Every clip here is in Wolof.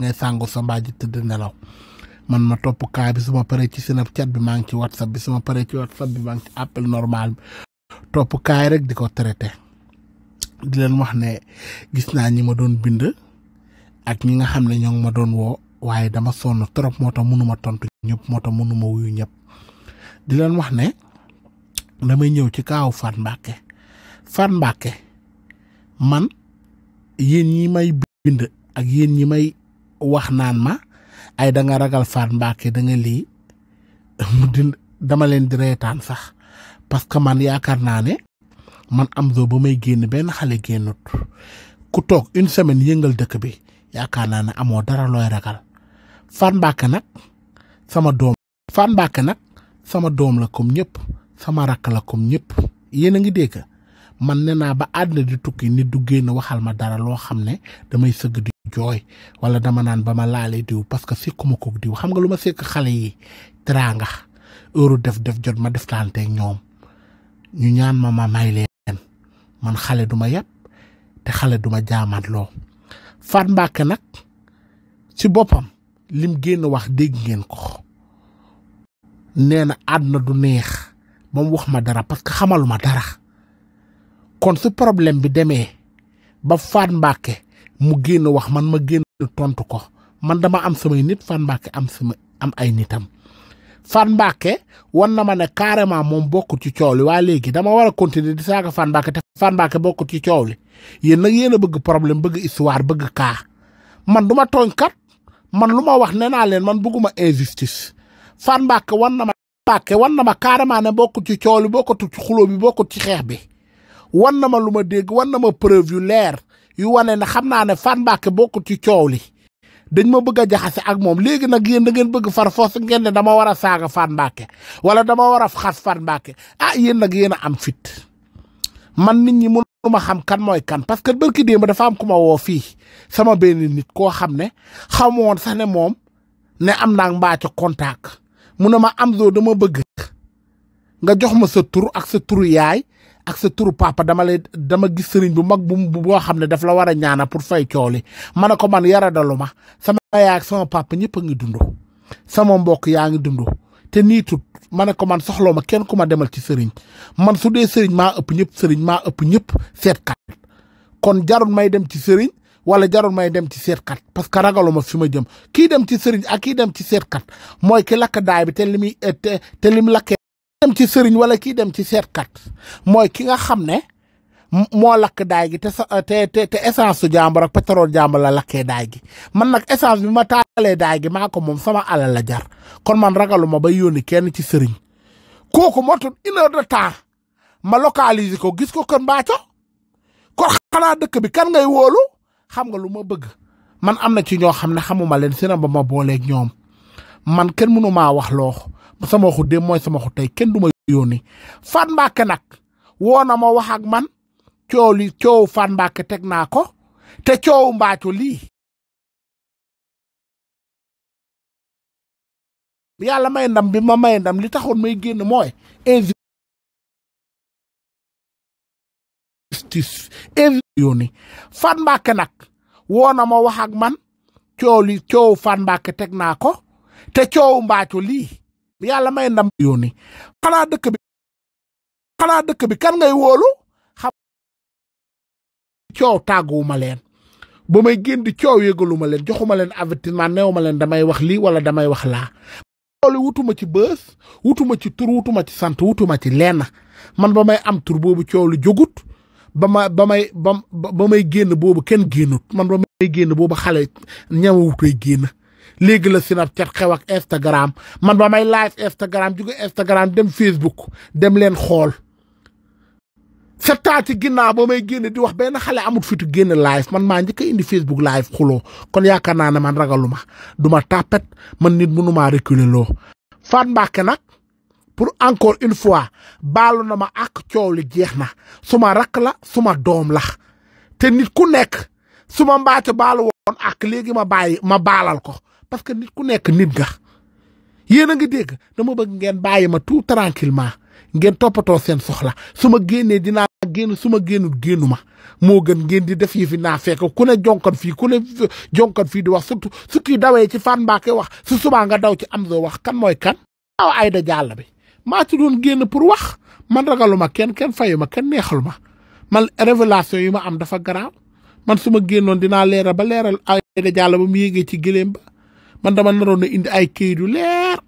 ne sàngu sa tëdd nelaw man ma topp kaa bi su ma paree ci Snapchat bi maa ngi ci whatsapp bi suma ma paree ci whatsapp bi maa ngi ci appel normal topp kaay rek di ko traité di leen wax ne gis naa ñi ma doon bind ak ñi nga xam ne ñoo ngi ma doon woo waaye dama sonn trop moo tax mënuma tontu ñëpp moo tax mënuma wuyu ñëpp di leen wax ne damay ñëw ci kaawu Fat Mbàkke Fat Mbàkke man yéen ñi may bind ak yéen ñi may wax naan ma ay danga ragal Faat mbaake da nga lii mu di dama leen di reetaan sax parce que man yaakaar naa ne man Amzo ba may génn benn xale génnut ku toog une semaine yëngal dëkk bi yaakaar naa ne amoo dara looy ragal Faat Mbàkke nag sama doom Faat Mbàkke nag sama doom la comme ñëpp sama rakk la comme ñëpp yéen a ngi dégg man ne naa ba àddina di tukki nit du génn waxal ma dara loo xam ne damay sëgg di jooy wala dama naan ba ma laalee diw parce que sekkuma ko diw xam nga lu ma sekk xale yi teraanga heure def def jot ma deftaante ak ñoom ñu ñaan ma ma may leen man xale du ma yàpp te xale du ma jaamaat loo Fat Mbacké nag si boppam lim génn wax dégg ngeen ko nee na àddina du neex moom wax ma dara parce que xamaluma dara kon su problème bi demee ba Fane Mbacke mu génn wax man ma génn tontu ko man dama am samay nit Fane Mbacke am sama am ay nitam Fane Mbacke wan na ma ne carrément moom bokkut ci coow li waa léegi dama war a continuer di saaga Fane Mbacke te ci coow li yéen nag yéen a bëgg problème bëgg histoire bëgg kaa man du ma kat man lu ma wax nee naa leen man bëgguma injustice Fane Mbacke na ma Mbacke wan na ma carrément ne bokkut ci coow li bokkut ci xuloo bi bokkut ci xeex bi. wan na ma lu ma dégg wan na ma preuve yu leer yu wane na xam naa ne Fane boo bokkut ci coow li dañ ma bëgg a jaxase ak moom léegi nag yéen da ngeen bëgg far foos ngeen ne dama war a saaga Fane Mbacké wala dama war a xas Fane Mbacké ah yéen nag yéen a am fit man nit ñi mënuma xam kan mooy kan parce que bërki démb dafa am ku ma woo fii sama benn nit koo xam ne xamu woon sax ne moom ne am naa mbaaco contact mu ne ma am zoo dama bëgg nga jox ma sa tur ak sa turu yaay ak sa turu papa dama lay dama gis sëriñ bu mag bu boo xam ne daf la war a ñaana pour fay coow li ma ne ko man yaradalu ma sama yaay ak sama papa ñëpp a ngi dund sama mbokk yaa ngi dund te nii tut ma ne ko man soxloo ma kenn ku ma demal ci sëriñ man su dee sëriñ maa ëpp ñëpp sëriñ maa ëpp ñëpp seetkat kon jarul may dem ci sëriñ wala jarul may dem ci seetkat parce que ragaluma fi ma jëm kii dem ci sëriñ ak kii dem ci seetkat mooy ki lakk daay bi te li muy te li lakkee dem ci sëriñ wala kii dem ci seetkat mooy ki nga xam ne moo lakk daay gi te sa te te su jàmbur ak pétrole jàmbur daay gi man nag essence bi ma taalee daay gi maa ko moom sama alal la jar kon man ragaluma bay yónni kenn ci sëriñ kooku motul temps ma localiser ko gis ko kër mbaaco kon xanaa dëkk bi kan ngay wóolu xam nga lu ma bëgg man am na ci ñoo xam ne xamuma leen sina ba ma booleeg ñoom man kenn mënu maa wax loo sama waxu démb mooy sama waxu tey kenn du ma yónni Fat Mbacke nag woo na ma wax ak man coow li coow Fat Mbacke teg naa ko te coowu mbaaco lii yàlla may bi ma may li taxoon may génn mooy injustice yónni nag woo na ma wax ak man coow li teg naa ko te coowu mbaaco lii yàlla may ndam yónni xanaa dëkk bi xanaa dëkk bi kan ngay wóolu xam coow tàgguwuma leen ba may génn di coow yégaluma leen joxuma leen avertissement neewuma leen damay wax lii wala damay wax laa loolu wutuma ci bës wutuma ci tur wutuma ci sant wutuma ci lenn man ba may am tur boobu coow lu jógut ba ma ba may ba ba may génn boobu kenn génnut man ba may génn boobu xale ñama génn léegi la Snapchat xew ak Instagram man ba may live Instagram jóge Instagram dem Facebook dem leen xool septaat ci ginnaaw boo may génne di wax benn xale amut fitu génne live man maa njëkk indi Facebook live xuloo kon yaakaar naa ne man ragaluma du ma tàppet man nit mënumaa reculer loo Fat Mbacké nag pour encore une fois baalu na ma ak coow li jeex na suma rakk la suma doom la te nit ku nekk suma mbaate baalu woon ak léegi ma bàyyi ma baalal ko parce que nit ku nekk nit nga yéen a ngi dégg dama bëgg ngeen bàyyi ma tout tranquillement ngeen toppatoo seen soxla su ma génnee dinaa génn su ma génnul génnu ma moo gën ngeen di def yi fi naa ne jonkan fii ku ne jonkan fii di wax surtout su kii dawee ci fan wax su subaa nga daw ci Amzo wax kan mooy kan aw Aïda Diallo bi maa ci doon génn pour wax man ragaluma kenn kenn fayuma kenn neexalu ma man révélation yi ma am dafa garaaw man su ma génnoon dinaa leeral ba leeral Aïda Diallo ba mu yéegee ci gëléem man dama naroon a indi ay këyit yu leer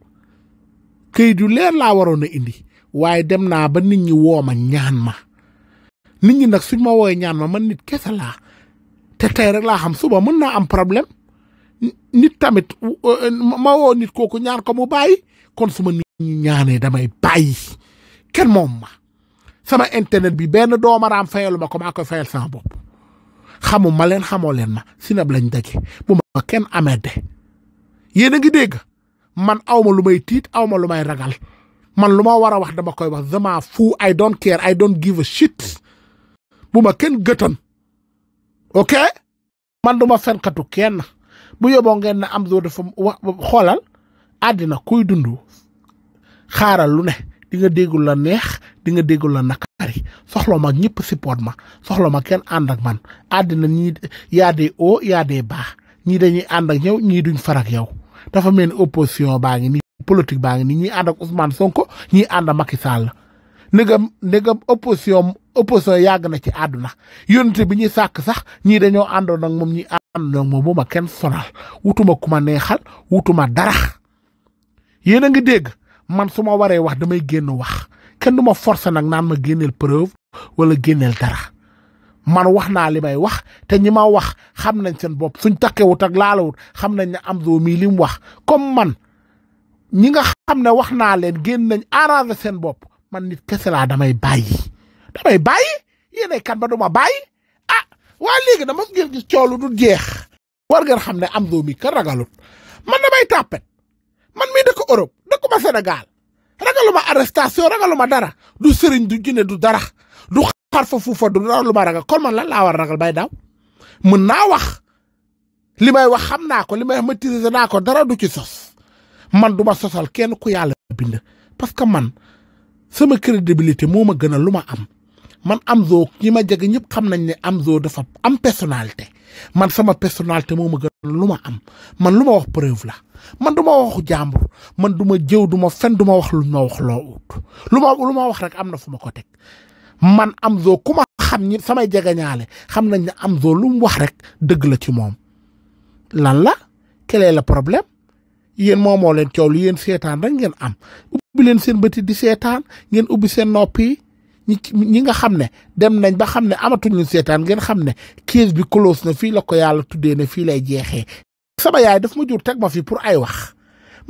këyit yu leer laa waroon a indi waaye dem naa ba nit ñi woo ma ñaan ma nit ñi nag suñ ma woowee ñaan ma man nit kese laa te tey rek laa xam suba mën naa am problème nit tamit ma woo nit kooku ñaan ko mu kon su ma nit ñi ñaanee damay bàyyi kenn moom ma sama internet bi benn doomaraam fayalu ma ko maa koy fayal sama bopp xamuma leen xamoo leen ma sinab lañ daje bu ma kenn amee de yéen a ngi dégg man awma lu may tiit awma lu may ragal man lu ma war a wax dama koy wax dama fu I don't care I don give a shit bu ma kenn gëtan ok man du ma fenkatu kenn bu yóbboo ngeen ne am zoo dafa wax xoolal àddina kuy dund xaaral lu ne di nga déggul la neex di nga déggul la naqari soxla ma ñëpp support ma soxla ma kenn ànd ak man àddina ñii yaa dee oo yaa dee baax ñii dañuy ànd ak yow ñii duñ farak yow dafa mel ni opposition baa ngi ni politique baa ngi ni ñuy ànd ak Ousmane Sonko ñuy ànd ak Macky Sall ndegam ndegam opposition opposition yàgg na ci àdduna unité bi ñuy sàkk sax ñii dañoo àndoon ak moom ñi àndoon ak moom bu ma kenn sonal wutuma ku ma neexal wutuma dara yéen a ngi dégg man su ma waree wax damay génn wax kenn du ma forcer nag naan ma génneel preuve wala génneel dara man wax naa li may wax te ñi ma wax xam nañ seen bopp suñ takkewut ak laalawut xam nañ ne Amzo mii li mu wax comme man ñi nga xam ne wax naa leen génn nañ arrangé seen bopp man nit kese laa damay bàyyi damay bàyyi yéenay kan ba duma bàyyi ah waa léegi dama ngeen gis coolu du jeex war ngeen xam ne Amzo mi ka ragalut man may tàppet man mii dëkk Europe dëkkuma Sénégal ragaluma arrestation ragaluma dara du sëriñ du jinne du dara du parfa fuufa du dara lu ma ragal kon man lan laa war ragal bay daaw mën naa wax li may wax xam naa ko li may wax naa ko dara du ci sos man du ma sosal kenn ku yàlla bind parce que man sama crédibilité moo ma gën a lu ma am man Amzo ñi ma jege ñëpp xam nañ ne Amzo dafa am personnalité man sama personnalité moo ma gën lu ma am man lu ma wax preuve la man du ma waxu jàmbur man duma ma jëw du ma fen du ma wax lu ma wax loo ut lu ma lu ma wax rek am na fu ma ko teg man am ku ma xam ñi samay jegeñaale xam nañ ne Amzo lu mu wax rek dëgg la ci moom lan la quel la problème yéen moomoo leen coow li yéen seetaan rek ngeen am ubbi leen seen bëti di seetaan ngeen ubbi seen noppi ñi ñi nga xam ne dem nañ ba xam ne amatuñu seetaan ngeen xam ne case bi close na fii la ko yàlla tuddee ne fii lay jeexee sama yaay daf ma jur teg ma fi pour ay wax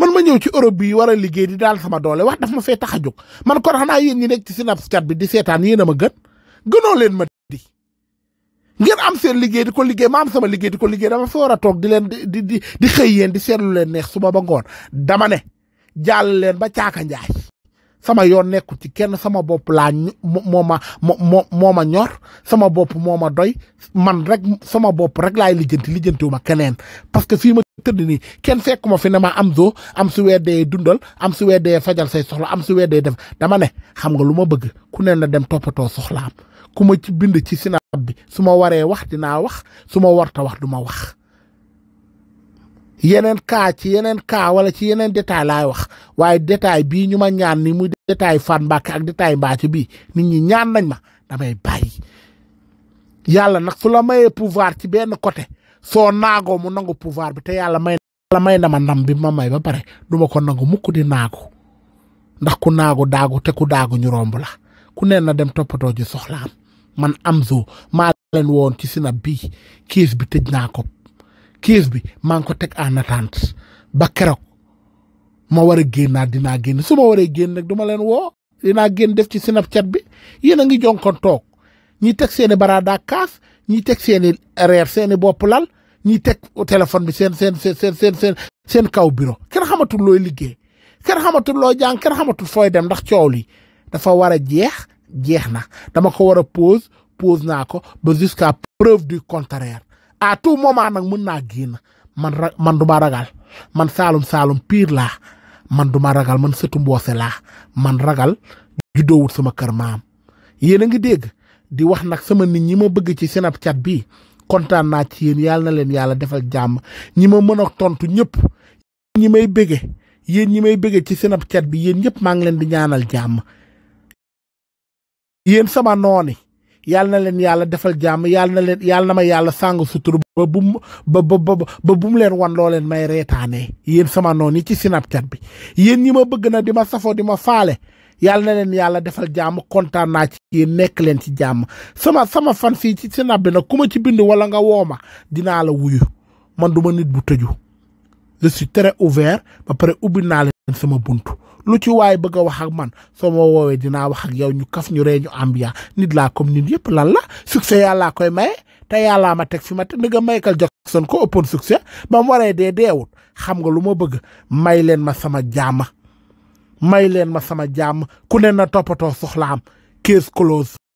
man ma ñëw ci Europe bi war a liggéey di daal sama doole wax daf ma fee tax a jóg man kon xanaa yéen ñi nekk ci Snapchat bi di seetaan yéen a ma gën gënoo leen ma di ngeen am seen liggéey di ko liggéey ma am sama liggéey di ko liggéey dama fi war a toog di leen di di di xëy yéen di seetlu leen neex suba ba ngoon dama ne jàll leen ba caaka njaay sama yoon nekku ci kenn sama bopp laa moo ma moo moo ma ñor sama bopp moo ma doy man rek sama bopp rek laay lijjanti lijjantiwu ma keneen parce que fii ma tëdd nii kenn fekkuma fi ne ma am zoo am su dee dundal am su dee fajal say soxla am su weddee def dama ne xam nga lu ma bëgg ku ne na dem toppatoo soxlaam ku ma ci bind ci sinab bi su ma waree wax dinaa wax su ma warta wax du ma wax yeneen kaa ci yeneen cas wala ci yeneen détail laay wax waaye détail bii ñu ma ñaan ni muy détail Fane Mbacké ak détail Mbathio bii ni ñi ñaan nañ ma damay bàyyi yàlla nag su la mayee pouvoir ci benn côté soo naagoo mu nangu pouvoir bi te yàlla may la may na ma nam bi ma may ba pare duma ko nangu mukk di naagu ndax ku naagu daagu te ku daagu ñu romb ku neen na dem toppatoo ji soxlaam man Amzo maa leen woon ci sinab bii kiis bi tëj naa ko kiis bi maa ngi ko teg en attente ba keroog ma war a génnaat dinaa génn su ma waree génn nag du leen woo dinaa génn def ci cet bi yéen a ngi jonkon toog ñi teg seen i baraadaa kaas ñi teg seen i reer seen i bopp lal ñi teg téléphone bi seen seen seen seen seen seen kaw biro ker xamatul looy liggéey kenn xamatul loo jàng kenn xamatul fooy dem ndax coow li dafa war a jeex jeex na dama ko war a pause pause naa ko ba jusqu'à preuve du contraire à tout moment nag mën naa génn man ra man du ma ragal man saalum saalum piir laa man du ma ragal man sëtu mboose laa man ragal juddoowut sama kër maam yéen a ngi dégg di wax nag sama nit ñi ma bëgg ci Snapchat bi kontaan naa ci yéen yàlla leen yàlla defal jàmm ñi ma mën a tontu ñëpp ñi may bëgge yéen ñi may bëgge ci Snapchat bi yéen ñëpp maa ngi leen di ñaanal jàmm yéen sama nooni yàlla na leen yàlla defal jàmm yàlla na leen yàlla na ma yàlla sàng sutur ba bu ba ba ba bu mu leen wan loo leen may reetaanee yéen sama noon yi ci Snapchat bi yéen yi ma bëgg na di ma safoo di ma faale yàlla na leen yàlla defal jàmm kontaan naa ci yéen nekk leen ci jàmm sama sama fan fii ci Snap bi nag ku ma ci bind wala nga woo ma dinaa la wuyu man du ma nit bu tëju je suis très ba pare ubbi naa leen sama bunt lu ci waaye bëgg a wax ak man soo ma woowee dinaa wax ak yow ñu kaf ñu ree ñu nit laa kom nit yëpp lan la succès laa koy maye te laa ma teg fi ma te ndëgga Michael Jackson ko ëppoon succès ba mu waree dee deewut xam nga lu ma bëgg may leen ma sama jaama may leen ma sama jàmm ku ne na toppatoo soxlaam case close